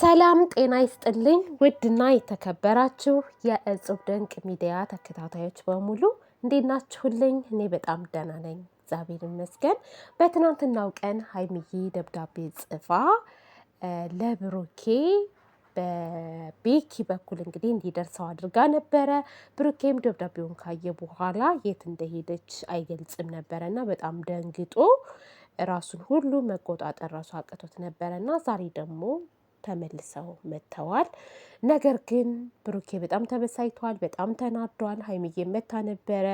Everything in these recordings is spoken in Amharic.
ሰላም ጤና ይስጥልኝ። ውድና የተከበራችሁ የእጽብ ድንቅ ሚዲያ ተከታታዮች በሙሉ እንዴት ናችሁልኝ? እኔ በጣም ደህና ነኝ፣ እግዚአብሔር ይመስገን። በትናንትናው ቀን ሀይሚዬ ደብዳቤ ጽፋ ለብሩኬ በቤኪ በኩል እንግዲህ እንዲደርሰው አድርጋ ነበረ። ብሩኬም ደብዳቤውን ካየ በኋላ የት እንደሄደች አይገልጽም ነበረና በጣም ደንግጦ ራሱን ሁሉ መቆጣጠር ራሱ አቅቶት ነበረና ዛሬ ደግሞ ተመልሰው መጥተዋል። ነገር ግን ብሩኬ በጣም ተበሳይቷል፣ በጣም ተናዷል። ሀይሚዬ መታ ነበረ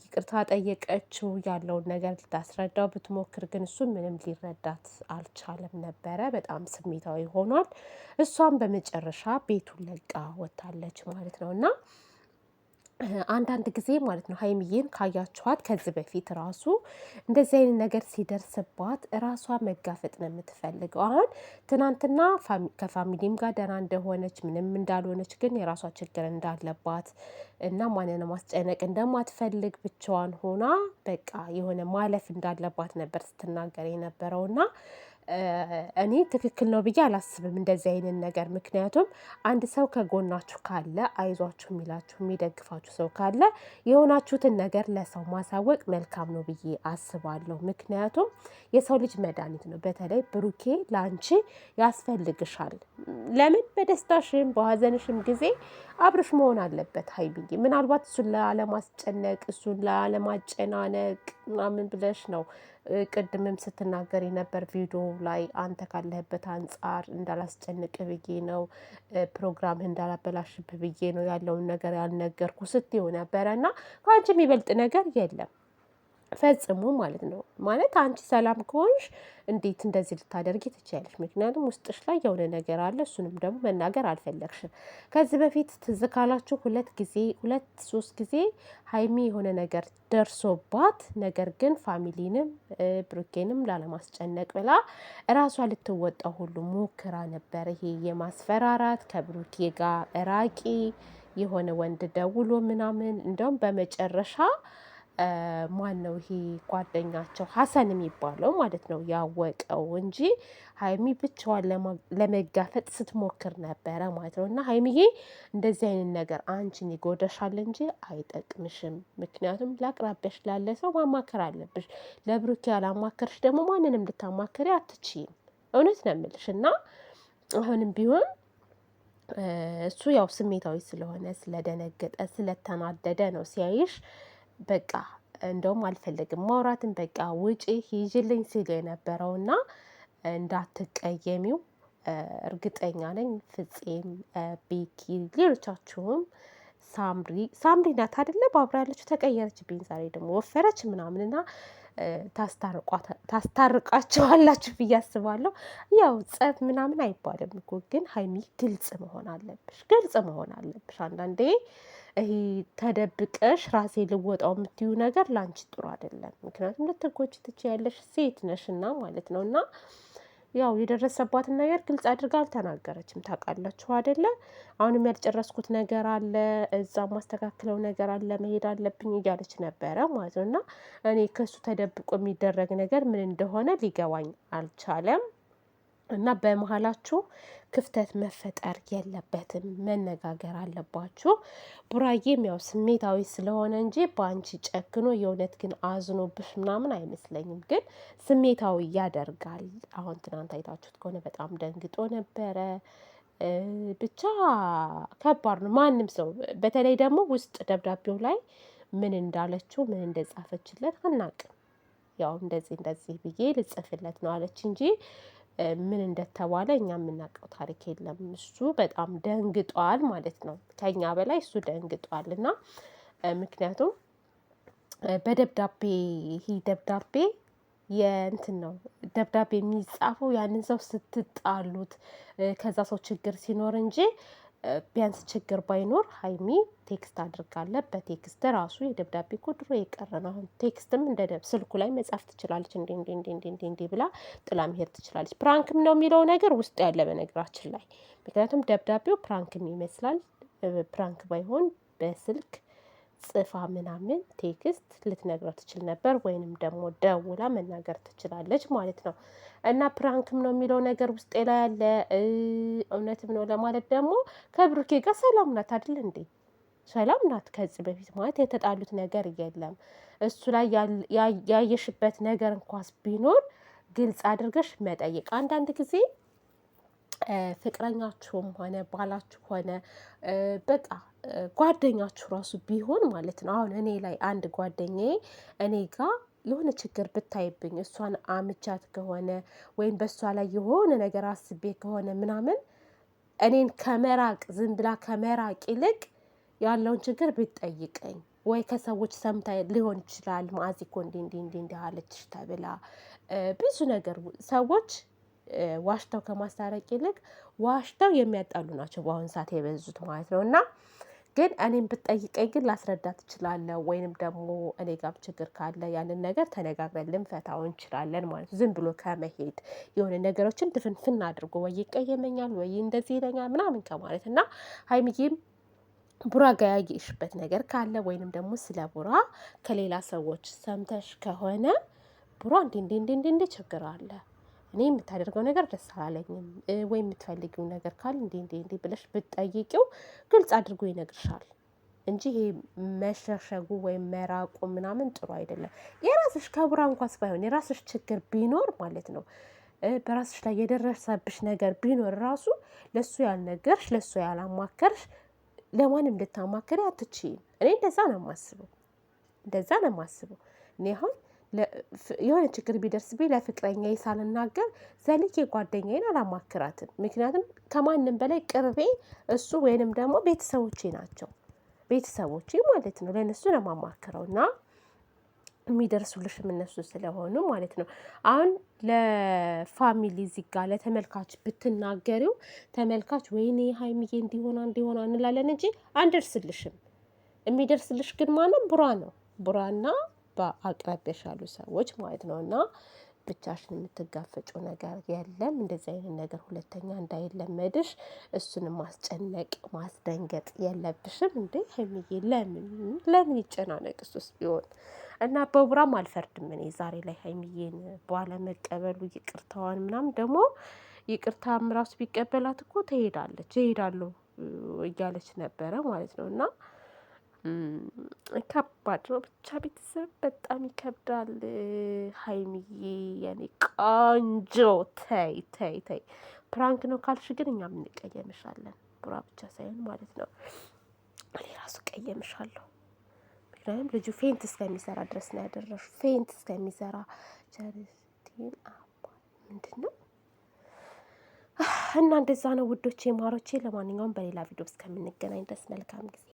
ይቅርታ ጠየቀችው ያለውን ነገር ልታስረዳው ብትሞክር ግን እሱ ምንም ሊረዳት አልቻለም ነበረ። በጣም ስሜታዊ ሆኗል። እሷም በመጨረሻ ቤቱን ለቃ ወጥታለች ማለት ነው እና አንዳንድ ጊዜ ማለት ነው ሀይሚዬን ካያችኋት ከዚህ በፊት ራሱ እንደዚህ አይነት ነገር ሲደርስባት እራሷ መጋፈጥ ነው የምትፈልገው። አሁን ትናንትና ከፋሚሊም ጋር ደህና እንደሆነች ምንም እንዳልሆነች፣ ግን የራሷ ችግር እንዳለባት እና ማንንም ማስጨነቅ እንደማትፈልግ ብቻዋን ሆና በቃ የሆነ ማለፍ እንዳለባት ነበር ስትናገር ና እኔ ትክክል ነው ብዬ አላስብም እንደዚህ አይነት ነገር። ምክንያቱም አንድ ሰው ከጎናችሁ ካለ አይዟችሁ የሚላችሁ የሚደግፋችሁ ሰው ካለ የሆናችሁትን ነገር ለሰው ማሳወቅ መልካም ነው ብዬ አስባለሁ። ምክንያቱም የሰው ልጅ መድኃኒት ነው። በተለይ ብሩኬ ለአንቺ ያስፈልግሻል። ለምን በደስታሽም በሀዘንሽም ጊዜ አብርሽ መሆን አለበት ሀይሚዬ። ምናልባት እሱን ላለማስጨነቅ እሱን ላለማጨናነቅ ምናምን ብለሽ ነው ቅድምም ስትናገር የነበር ቪዲዮ ላይ አንተ ካለህበት አንጻር እንዳላስጨንቅ ብዬ ነው ፕሮግራምህ እንዳላበላሽብ ብዬ ነው ያለውን ነገር ያልነገርኩ ስትይው ነበረ እና ከአንቺ የሚበልጥ ነገር የለም። ፈጽሞ ማለት ነው። ማለት አንቺ ሰላም ከሆንሽ እንዴት እንደዚህ ልታደርጊ ትችያለሽ? ምክንያቱም ውስጥሽ ላይ የሆነ ነገር አለ። እሱንም ደግሞ መናገር አልፈለግሽም። ከዚህ በፊት ትዝ ካላችሁ ሁለት ጊዜ ሁለት ሶስት ጊዜ ሀይሚ የሆነ ነገር ደርሶባት፣ ነገር ግን ፋሚሊንም ብሩኬንም ላለማስጨነቅ ብላ እራሷ ልትወጣ ሁሉ ሞክራ ነበር። ይሄ የማስፈራራት ከብሩኬ ጋር እራቂ የሆነ ወንድ ደውሎ ምናምን እንደውም በመጨረሻ ማን ነው ይሄ ጓደኛቸው ሀሰን የሚባለው ማለት ነው ያወቀው እንጂ ሀይሚ ብቻዋን ለመጋፈጥ ስትሞክር ነበረ ማለት ነው። እና ሀይሚዬ እንደዚህ አይነት ነገር አንቺን ይጎዳሻል እንጂ አይጠቅምሽም። ምክንያቱም ለአቅራቢያሽ ላለ ሰው ማማከር አለብሽ። ለብሩኬ ያላማከርሽ ደግሞ ማንንም ልታማከሪ አትችይም። እውነት ነው የምልሽ እና አሁንም ቢሆን እሱ ያው ስሜታዊ ስለሆነ ስለደነገጠ ስለተናደደ ነው ሲያይሽ በቃ እንደውም አልፈለግም ማውራትን በቃ ውጪ ሂጅልኝ ሲል የነበረው የነበረውና እንዳትቀየሚው እርግጠኛ ነኝ። ፍፄም ቤኪ ሌሎቻችሁም ሳምሪ ሳምሪ ናት አደለ ባብራ ያለችው ተቀየረችብኝ። ዛሬ ደግሞ ወፈረች ምናምን እና ታስታርቃቸዋላችሁ ብዬ አስባለሁ። ያው ጸብ ምናምን አይባልም እኮ ግን ሀይሚ ግልጽ መሆን አለብሽ፣ ግልጽ መሆን አለብሽ። አንዳንዴ ይሄ ተደብቀሽ ራሴ ልወጣው የምትዩ ነገር ለአንቺ ጥሩ አይደለም። ምክንያቱም ልትጎጂ ትችያለሽ፣ ሴት ነሽ እና ማለት ነው እና ያው የደረሰባትን ነገር ግልጽ አድርጋ አልተናገረችም። ታውቃላችሁ አይደለ? አሁንም ያልጨረስኩት ነገር አለ፣ እዛ ማስተካክለው ነገር አለ፣ መሄድ አለብኝ እያለች ነበረ ማለት ነው። እና እኔ ከሱ ተደብቆ የሚደረግ ነገር ምን እንደሆነ ሊገባኝ አልቻለም። እና በመሀላችሁ ክፍተት መፈጠር የለበትም፣ መነጋገር አለባችሁ። ቡራዬም ያው ስሜታዊ ስለሆነ እንጂ በአንቺ ጨክኖ የእውነት ግን አዝኖብሽ ምናምን አይመስለኝም። ግን ስሜታዊ ያደርጋል። አሁን ትናንት አይታችሁት ከሆነ በጣም ደንግጦ ነበረ። ብቻ ከባድ ነው። ማንም ሰው በተለይ ደግሞ ውስጥ ደብዳቤው ላይ ምን እንዳለችው ምን እንደጻፈችለት አናቅም። ያው እንደዚህ እንደዚህ ብዬ ልጽፍለት ነው አለች እንጂ ምን እንደተባለ እኛ የምናውቀው ታሪክ የለም። እሱ በጣም ደንግጧል ማለት ነው። ከኛ በላይ እሱ ደንግጧል እና ምክንያቱም በደብዳቤ ይሄ ደብዳቤ የእንትን ነው ደብዳቤ የሚጻፈው ያንን ሰው ስትጣሉት ከዛ ሰው ችግር ሲኖር እንጂ ቢያንስ ችግር ባይኖር ሀይሚ ቴክስት አድርጋለ በቴክስት ራሱ የደብዳቤ እኮ ድሮ የቀረ ነው። አሁን ቴክስትም እንደ ስልኩ ላይ መጻፍ ትችላለች። እንዲ እንዲ እንዲ እንዲ እንዲ እንዲ ብላ ጥላ መሄድ ትችላለች። ፕራንክም ነው የሚለው ነገር ውስጥ ያለ በነገራችን ላይ ምክንያቱም ደብዳቤው ፕራንክም ይመስላል። ፕራንክ ባይሆን በስልክ ጽፋ ምናምን ቴክስት ልትነግረው ትችል ነበር፣ ወይንም ደግሞ ደውላ መናገር ትችላለች ማለት ነው። እና ፕራንክም ነው የሚለው ነገር ውስጤ ላይ ያለ እውነትም ነው ለማለት ደግሞ ከብሩኬ ጋር ሰላም ናት አይደል እንዴ? ሰላም ናት። ከዚህ በፊት ማለት የተጣሉት ነገር የለም። እሱ ላይ ያየሽበት ነገር እንኳስ ቢኖር ግልጽ አድርገሽ መጠየቅ። አንዳንድ ጊዜ ፍቅረኛችሁም ሆነ ባላችሁ ሆነ በቃ ጓደኛችሁ ራሱ ቢሆን ማለት ነው። አሁን እኔ ላይ አንድ ጓደኛዬ እኔ ጋር የሆነ ችግር ብታይብኝ እሷን አምቻት ከሆነ ወይም በእሷ ላይ የሆነ ነገር አስቤ ከሆነ ምናምን እኔን ከመራቅ ዝም ብላ ከመራቅ ይልቅ ያለውን ችግር ብትጠይቀኝ ወይ ከሰዎች ሰምታ ሊሆን ይችላል። ማዚ እኮ እንዲህ እንዲህ እንዲህ እንዲህ አለችሽ ተብላ ብዙ ነገር ሰዎች ዋሽተው ከማስታረቅ ይልቅ ዋሽተው የሚያጣሉ ናቸው በአሁን ሰዓት የበዙት ማለት ነው እና ግን እኔም ብትጠይቀኝ ግን ላስረዳት እችላለሁ ወይንም ደግሞ እኔ ጋር ችግር ካለ ያንን ነገር ተነጋግረን ልንፈታው እንችላለን ማለት ነው። ዝም ብሎ ከመሄድ የሆነ ነገሮችን ድፍንፍን አድርጎ ወይ ይቀየመኛል ወይ እንደዚህ ይለኛል ምናምን ከማለት እና ሀይሚዬም ቡራ ጋ ያየሽበት ነገር ካለ ወይንም ደግሞ ስለ ቡራ ከሌላ ሰዎች ሰምተሽ ከሆነ ቡራ እንዲ እንዲ እንዲ እንዲ ችግር አለ እኔ የምታደርገው ነገር ደስ አላለኝም ወይ የምትፈልጊው ነገር ካል እንዲ እንዲ እንዲ ብለሽ ብትጠይቂው ግልጽ አድርጎ ይነግርሻል እንጂ ይሄ መሸሸጉ ወይም መራቁ ምናምን ጥሩ አይደለም። የራስሽ ከቡራ እንኳስ ባይሆን የራስሽ ችግር ቢኖር ማለት ነው በራስሽ ላይ የደረሰብሽ ነገር ቢኖር ራሱ ለሱ ያልነገርሽ ለሱ ያላማከርሽ ለማንም ልታማከሪ አትችይም። እኔ እንደዛ ነው የማስበው፣ እንደዛ ነው የማስበው እኔ አሁን የሆነ ችግር ቢደርስብኝ ለፍቅረኛ ሳልናገር ዘልዬ ጓደኛዬን አላማክራትም። ምክንያቱም ከማንም በላይ ቅርቤ እሱ ወይንም ደግሞ ቤተሰቦቼ ናቸው። ቤተሰቦቼ ማለት ነው። ለእነሱ ነው የማማክረው እና የሚደርሱልሽ የምነሱ ስለሆኑ ማለት ነው። አሁን ለፋሚሊ እዚህ ጋር ለተመልካች ብትናገሪው ተመልካች ወይኔ ሀይሚዬ እንዲሆና እንዲሆና እንላለን እንጂ አንደርስልሽም። የሚደርስልሽ ግን ማንም ቡራ ነው ቡራና በአቅራቢያሽ ያሉ ሰዎች ማለት ነው። እና ብቻሽን የምትጋፈጩ ነገር የለም እንደዚህ አይነት ነገር ሁለተኛ እንዳይለመድሽ እሱንም ማስጨነቅ ማስደንገጥ የለብሽም። እንዴ ሀይሚዬ ለምን ለምን ይጨናነቅ እሱስ ቢሆን እና በቡራም አልፈርድም። እኔ ዛሬ ላይ ሀይሚዬን ባለመቀበሉ ይቅርታዋን ምናምን ደግሞ ይቅርታም ራሱ ቢቀበላት እኮ ትሄዳለች እሄዳለሁ እያለች ነበረ ማለት ነው እና ከባድ ነው። ብቻ ቤተሰብ በጣም ይከብዳል። ሀይሚዬ የኔ ቆንጆ ተይ ተይ ተይ። ፕራንክ ነው ካልሽ ግን እኛም እንቀየምሻለን። ቡራ ብቻ ሳይሆን ማለት ነው እኔ ራሱ ቀየምሻለሁ። ምክንያቱም ልጁ ፌንት እስከሚሰራ ድረስ ነው ያደረሹ። ፌንት እስከሚሰራ ጀርስቲን አባ ምንድን ነው እና እንደዛ ነው ውዶቼ፣ ማሮቼ። ለማንኛውም በሌላ ቪዲዮ እስከምንገናኝ ድረስ መልካም ጊዜ